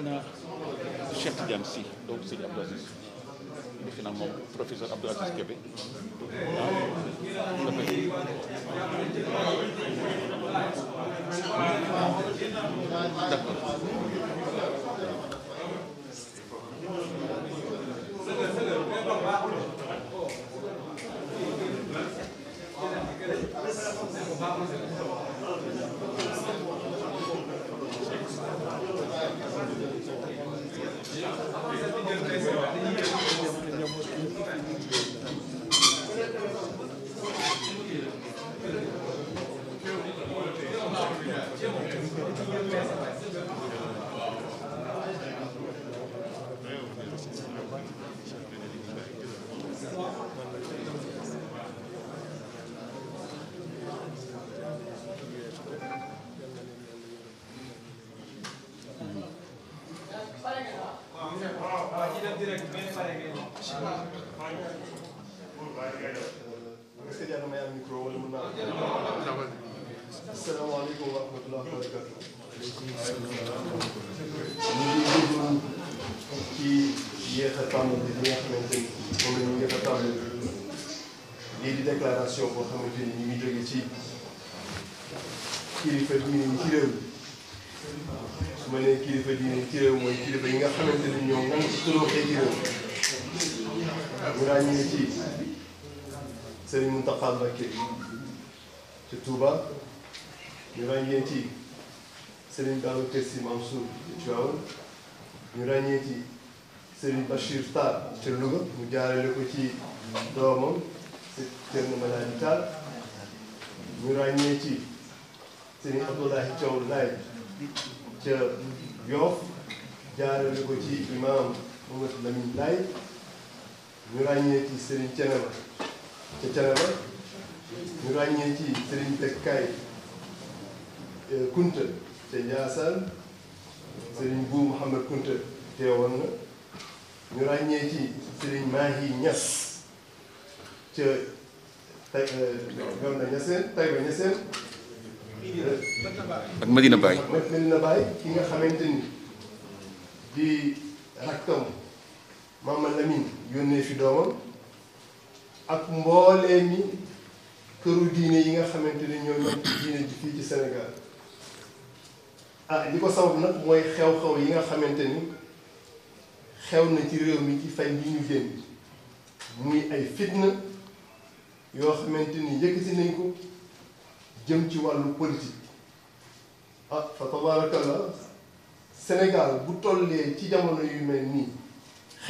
xanaa Cheikh Tidiane Sy doomu Sëñ Abdou Aziz defe naa moom professeur Abdou Aziz Kébé ah, asalaamaaleykum wa rahmatulah wa barakatu ñu ngi déglu ci yéex a tàmbali bi nga xamante ni moom la ñu yéex a tàmbali lii di déclaration boo xamante ni ñu ngi jóge ci kilifa diine yi ci réew mi su ma nee kilifa diine yi ci réew mooy kilifa yi nga xamante ni ñoom ñoo ci tolluwaay ci réew ñu ràññee ci Serigne Mountakha Mbacké ci Touba ñu ràññee ci Serigne Babacar Sy Mansour ci Tivaouane ñu ràññee ci Serigne Bachir Tall ci Louga mu jaarale ko ci doomam ci Thierno Madani ñu ràññee ci Serigne Abdoulaye Thiaw Laye ca Yoff jaarale ko ci imam Mamadou Lamine Laye ñu ràññee ci Serigne Thiénaba ca Thiénaba ñu ràññee ci Serigne Bekkaay e, Kunta ca Ndiassane Serigne Bou Mouhamad Kunta teewoon na a ràññee ci Serigne Mahi Niass ca tay yoon e, na Niassène Taïba Niassène ak Medina Baye Medina ki nga xamante ni di rakkam Mama Lamine yónnee fi doomam ak mboole mi këru diine yi nga xamante ne ñoo ñoom diine ji fii ci senegal ah li ko sabab nag mooy xew-xew yi nga xamante ni xew na ci réew mi ci fay yi ñu génn muy ay fitna yoo xamante ni yëkkati nañ ko jëm ci wàllu politique ah fa tabaarakallah Sénégal bu tollee ci jamono yu mel nii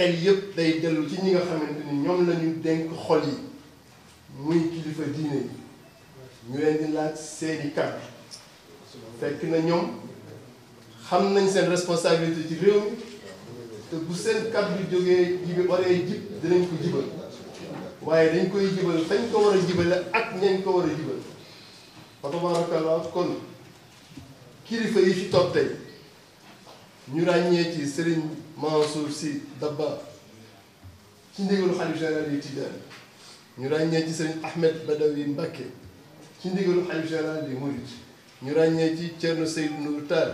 xel yëpp day dellu ci ñi nga xamante ni ñoom la ñu dénk xol yi muy kilifa diine yi ñu leen di laaj seeni kàddu fekk na ñoom xam nañ seen responsabilité ci réew mi te bu seen kàddu jógee jibi oree jib dinañ ko jibal waaye dañ koy jibal fañ ko war a jibale ak ñañ ko war a jibal fa tabarakallah kon kilifa yi ci topp tey ñu ràññee ci sëriñ Mansour Sy Dabakh ci ndigalu xalif général yi Tijaan ñu ràññee ci sëriñ Ahmed Badawi Mbacké ci ndigalu xalif général yi Mouride ñu ràññee ci Thierno Seydou Nour Tall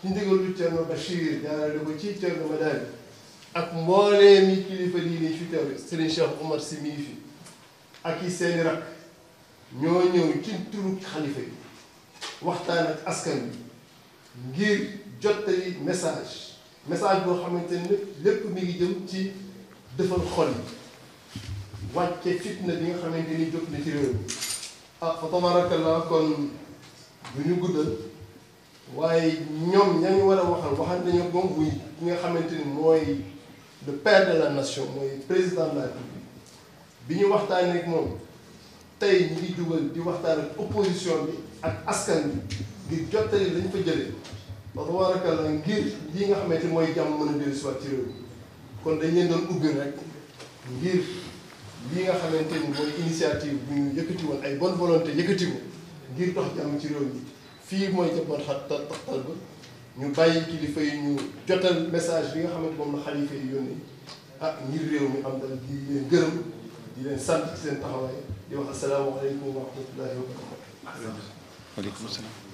ci ndigalu Thierno Bachir jaarale ko ci Thierno Madani ak mbooleem yi kilifa diine fi teew sëriñ Cheikh Omar Sy mii fi ak i seeni rakk ñoo ñëw ci turu xalifa waxtaan ak askan bi ngir jottali message message boo xamante ni lépp mi ngi jëm ci defal xol yi wàcce fitna bi nga xamante ni jóg na ci réew mi ah fa tabarakallah kon du ñu guddal waaye ñoom ñañu war a waxal waxal dañu moom muy ki nga xamante ni mooy le père de la nation mooy président de la bi ñu waxtaanee ak moom tey ñu ngi dugal di waxtaan ak opposition bi ak askan bi ngir jottali lañ fa jëlee ba tabaarkalla ngir lii nga xamante ni mooy jàmm mën a dellu si waat kon dañ leen doon ubbi rek ngir lii nga xamante ni mooy initiative bu ñu yëkkati woon ay bonne volonté yëkkati ko ngir dox jàmm ci réew mi fii mooy jaboon xat tax taxtal ba ñu bàyyi kilifa yi ñu jotal message bi nga xamante moom la xalifa yi yónnee ah ngir réew mi am dal di leen gërëm di leen sant ci seen taxawaay di wax asalaamaaleykum wa rahmatullahi wa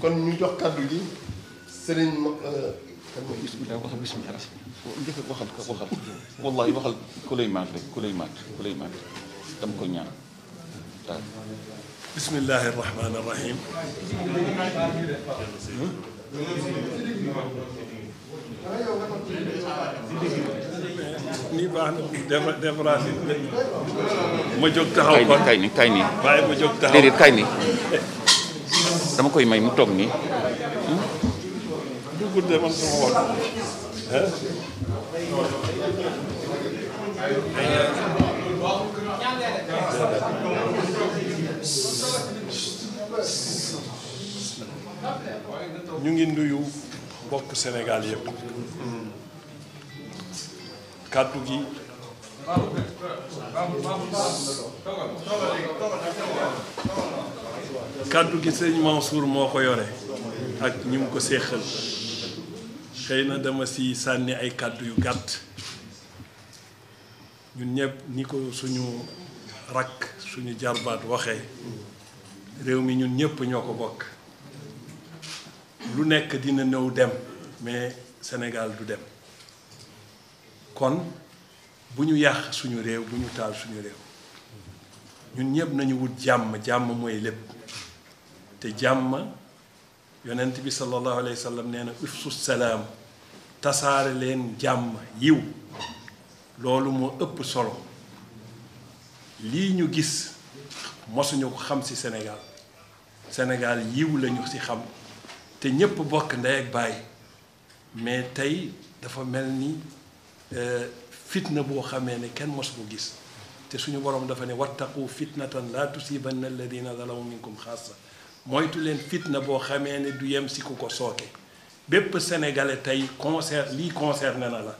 kon ñu jox kàddu gi sëriñ ma euh, kan mooy bismillah waxal bismillah njëkk waxal ko waxal wallahi waxal ku lay maat rek ku lay maat ku lay maat dam ko ñaan daal bismillahi rahmaani rahim hmm? nii baax na défrance ma jóg taxaw kon kay ni kay nii waaye ma jóg taxaw déedéet kay nii dama koy may mu toog nii du gudde man sama wax ñu ngi nuyu bokk senegaal yëpp kàddu gi kàddu gi sëñ Mansour moo ko yore ak ñi mu ko séexal xëy na dama ci sànni ay kàddu yu gàtt ñun ñëpp ni ko suñu rakk suñu jarbaat waxe réew mi ñun ñëpp ñoo ko bokk lu nekk dina nëw dem mais senegaal du dem kon bu ñu yàq suñu réew bu ñu taal suñu réew ñun ñëpp nañu wut jàmm jàmm mooy lépp te jàmm yonent bi sallallahu alayhi wa sallam nee salaam tasaare leen jàmm yiw loolu moo ëpp solo lii ñu gis mosuñu ko xam ci Sénégal senegaal yiw lañu ci xam te ñépp bokk ndey ak baay mais tey dafa mel ni euh, fitna boo xamee ne kenn mos ko gis te suñu borom dafa ne wattaqu fitnatan laa tusibanna alladina zalamu minkum xaasa moytu leen fitna boo xamee ne du yem si ku ko sooke bépp sénégalais tey concert lii concerné na la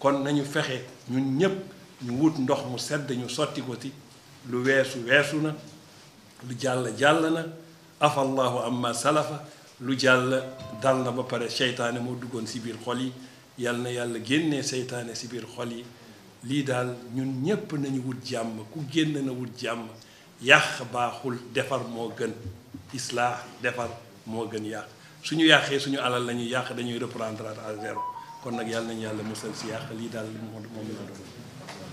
kon nañu fexe ñun ñépp ñu wut ndox mu sedd ñu sotti ko ci lu weesu weesu na lu jàll jàll na afallahu amma salafa lu jàll dal na ba pare seytaane moo duggoon si biir xol yi yal na yàlla génnee seytaane si biir xol yi lii daal ñun ñépp nañu wut jàmm ku génn na wut jàmm yàq baaxul defar moo gën islaax defar moo gën yàq suñu yàqee suñu alal lañuy yàq dañuy reprendre à zéro kon nag yàlla nañu yàlla musal si yàq lii daal moom moom la doon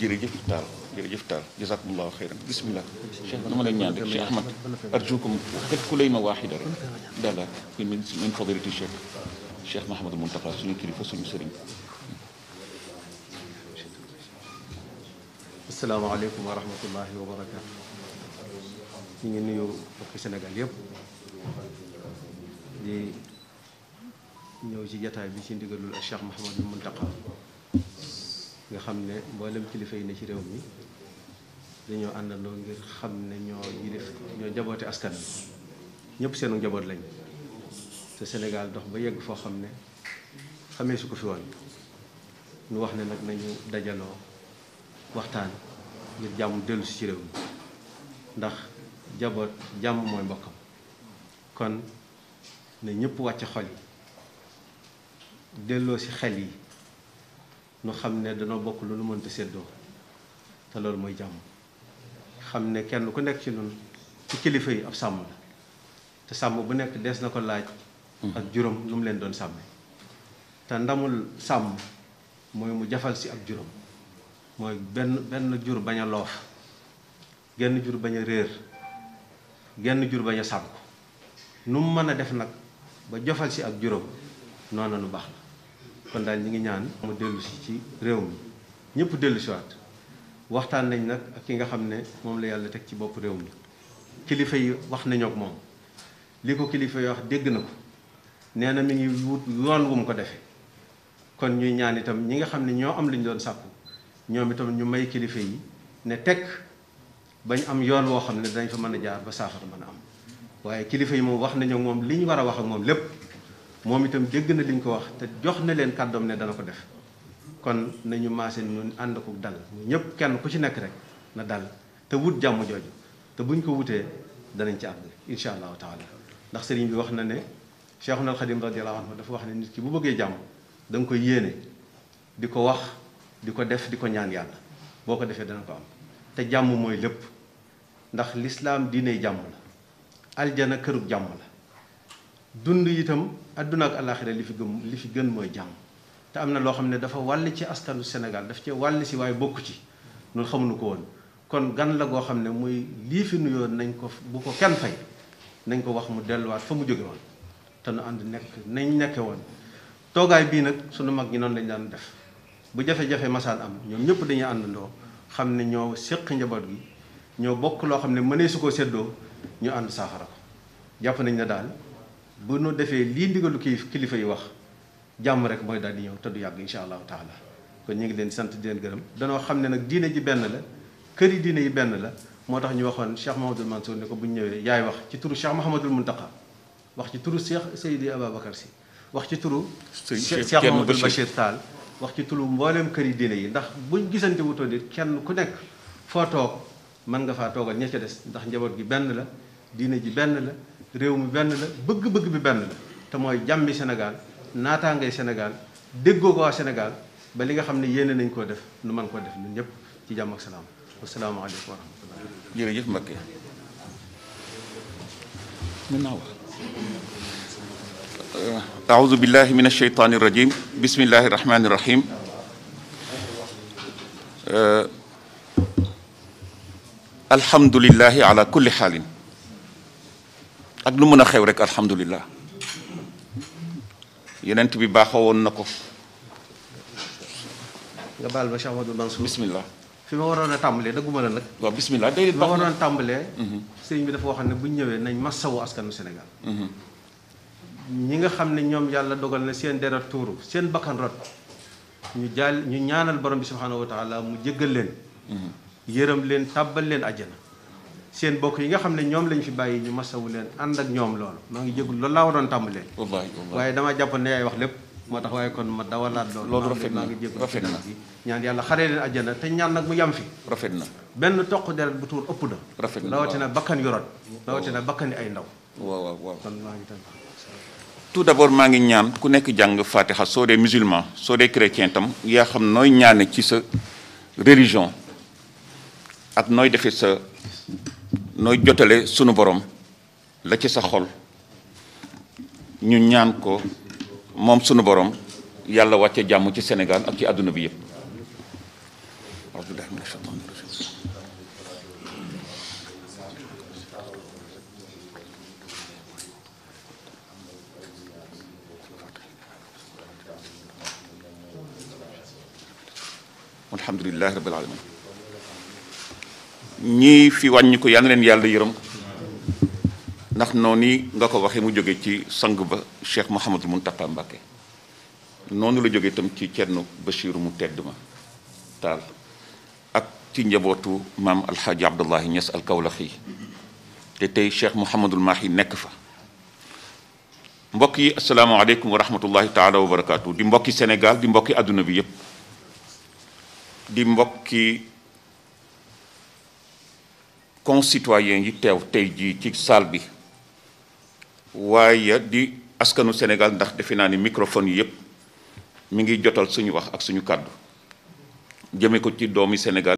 jërëjëf taal jërëjëf taal jazakumullahu xeyran bismillah cheikh nu ma lay ñaan rek cheikh ahmad arjukum xet ku lay ma waaxida rek daala min min fadilati cheikh cheikh mahamadul muntaqa suñu kilifa suñu sëriñ asalaamaaleykum wa rahmatullahi wa barakaatu ñu ngi nuyu mbokki Sénégal yëpp di ñëw ci jataay bi ci ndigalul ak Cheikh Mouhamadou Mountakha nga xam ne mboolem kilifa yi ne ci réew mi dañoo àndandoo ngir xam ne ñoo yilif ñoo jaboote askan bi ñëpp seenu njaboot lañ te Sénégal dox ba yegg foo xam ne xamee su ko fi woon ñu wax ne nag nañu dajaloo waxtaan ngir jàmm dellusi si ci réew mi ndax jaboot jàmm mooy mbokkam kon ne ñépp wàcc xol yi delloo si xel yi nu xam ne danoo bokk lu nu mënta séddoo te loolu mooy jàmm xam ne kenn ku nekk ci nun ci kilifa yi ab sàmm la te sàmm bu nekk des na ko laaj ak juróom lu mu leen doon sàmm te ndamul sàmm mooy mu jafal si ak juróom mooy benn benn jur bañ a loof genn jur bañ a réer genn jur bañ a sànku nu mu mën a def nag ba jafal si ak juróom noonu nu baax la kon daal ñi ngi ñaan mu dellu ci réew mi ñëpp dellu siwaat waxtaan nañ nag ki nga xam ne moom la yàlla teg ci bopp réew mi kilifa yi wax nañoo ak moom li ko kilifa yi wax dégg na ko nee na mi ngi wut ko defee kon ñuy ñaan itam ñi nga xam ne ñoo am li ñu doon sàkku ñoom itam ñu may kilifa yi ne teg bañ am yoon woo xam ne dañ fa mën a jaar ba saafara mën a am waaye kilifa yi moom wax nañu moom li ñu war a wax ak moom lépp moom itam dégg na li ñu ko wax te jox na leen kàddoom ne dana ko def kon nañu maase ñun ànd ko dal ñëpp kenn ku ci nekk rek na dal te wut jàmm jooju te buñ ko wutee danañ ci àgg incha allahu taala ndax sëriñ bi wax na ne Cheikhuna al Xadim radiyallahu anhu dafa wax ne nit ki bu bëggee jàmm danga nga koy yéene di ko wax di ko def di ko ñaan yàlla boo ko defee dana ko am te jàmm mooy lépp ndax lislaam diiney jàmm la aljana kërug jàmm la dund itam àdduna ak alaxira li fi gëm li fi gën mooy jàmm te am na loo xam ne dafa wàll ci askanu Sénégal daf ci wàll si waaye bokku ci noonu xamuñu ko woon kon gan la goo xam ne muy lii fi nuyoo nañ ko bu ko kenn fay nañ ko wax mu delluwaat fa mu jóge woon te nu ànd nekk nañ nekke woon toogaay bii nag sunu mag ñi noonu lañ daan def bu jafe-jafe masaan am ñoom ñëpp dañuy àndandoo xam ne ñoo séq njaboot gi ñoo bokk loo xam ne mënee su ko seddoo ñu ànd saafara jàpp nañ ne daal bu nu defee lii ndigalu kii kilifa yi wax jàmm rek mooy daal di ñëw te du yàgg incha allahu taala kon ñu ngi leen sant di leen gërëm danoo xam ne nag diine ji benn la kër yi diina yi benn la moo tax ñu waxoon Cheikh Mahamadul ne ko bu ñu ñëwee yaay wax ci turu Cheikh Mahamadul Muntaqa wax ci turu Cheikh Seydi Ababacar Si wax ci turu Cheikh Mahamadul Bachir Tall wax ci turu mbooleem kër yi diine yi ndax buñ gisante wutoo di kenn ku nekk foo toog mën nga faa toogal ña ca des ndax njaboot gi benn la diine ji benn la réew mi benn la bëgg-bëgg bi benn la te mooy jàmmi Sénégal naataangay Sénégal déggoo ko waa Sénégal ba li nga xam ne yéene nañ koo def nu man koo def ñun ñëpp ci jàmm ak salaam wasalaamaaleykum wa rahmatullah jërëjëf Mbacké mën naa wax أعوذ بالله من الشيطان الرجيم بسم الله الرحمن الرحيم الحمد لله على كل حال ak lu mën a xew rek alhamdulilah yonent bi baaxoo woon na ko. nga baal ma Cheikh Amadou Mansour bismillah fi ma waroon a tàmbalee dëgguma la nag. waaw bismillah day ma waroon a mhm. bi dafa waxoon ne bu ñu ñëwee nañ masawu askanu Sénégal. Mhm. nga xam ne ñoom yàlla dogal na seen deret tuuru seen bakkan ñu jaal ñu ñaanal borom bi subhaanahu mu jéggal leen. Mhm. yërëm leen tàbbal leen àjjana. seen bokk yi nga xam ne ñoom lañ fi bàyyi ñu masawu leen ànd ak ñoom loolu maa ngi jégul loolu laa waroon tàmbalee waaye dama jàpp ne yaay wax lépp moo tax waaye kon ma dawalaat loolu rafet na maa ngi jégul rafet na ñaan yàlla xaree leen àjjana te ñaan nag mu yam rafet na benn toq deret bu tuur ëpp na rafet na rawatina bakkan yu rot rawatina bakkan yi ay ndaw waaw waaw waaw kon maa ngi tànn tout d'abord maa ngi ñaan ku nekk jàng fatiha soo dee musulman soo dee chrétien tam yaa xam nooy ñaane ci sa religion ak nooy defee sa nooy jotale sunu boroom la ci sa xol ñu ñaan ko moom sunu boroom yàlla wàcce jàmm ci senegal ak ci àdduna bi yëpp alhamdulillahi rabbil ñii fi wàññi ko yal leen yàlla yërëm ndax noonu nga ko waxee mu jóge ci sang ba Cheikh Mouhamadul Mountakha Mbacké noonu la jóge tam ci Thierno Bachir mu tedd ma taal ak ci njabootu maam alxaaji Abdullahi Niass al Kawlaxi te tey Cheikh Mouhamadul Mahi nekk fa mbokk yi asalaamaaleykum wa rahmatullahi taala wa barakaatu di mbokki Sénégal di mbokki àdduna bi yépp di mbokki concitoyens yi teew tey jii ci salle bi waaye di askanu Sénégal ndax defe naa ni microphone yi yëpp mu ngi jotal suñu wax ak suñu kàddu jëme ko ci doomi Sénégal